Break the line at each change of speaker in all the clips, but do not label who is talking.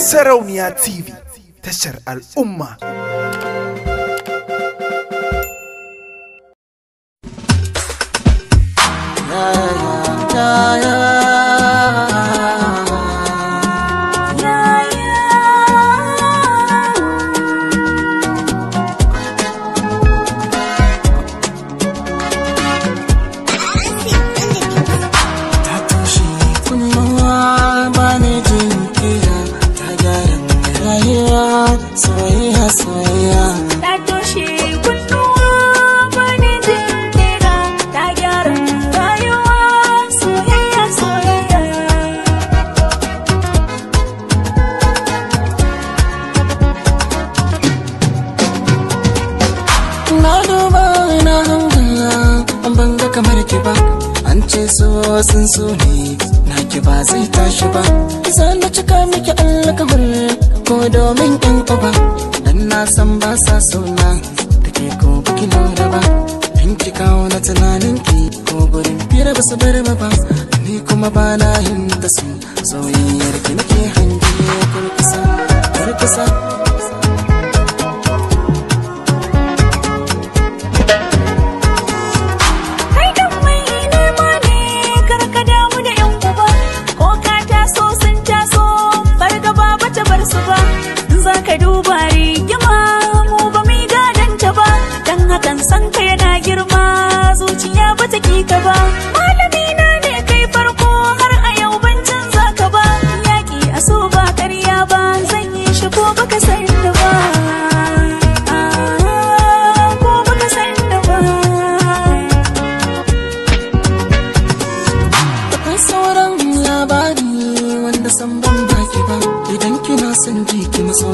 Sarauniya TV tashar al'umma. Yeah, yeah, yeah, ki ba an ce so sun so ne naki ba zai tashi ba za na cika miki alkawar ko domin yan uba dan na san ba sa sona da ke ko baki lura ba in ki kawo na tunanin ki ko gurin fira ba su bar ba ni kuma ba na yin su soyayyar ki nake kisa. ko kisa.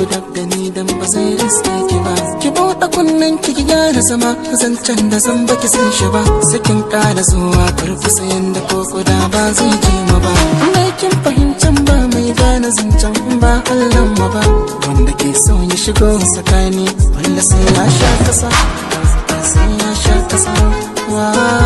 dab da ni dan ba zai riske ki ba ki buɗe kunnen ki ki gyara zama zancen da zan baki san shi ba sakin ƙara zuwa karfi sayan da koko da ba zai ji ma ba mai kin fahimcin ba mai gane zancen ba Allah ma ba wanda ke so ya shigo tsakani wanda sai ya sha kasa sai ya sha kasa wa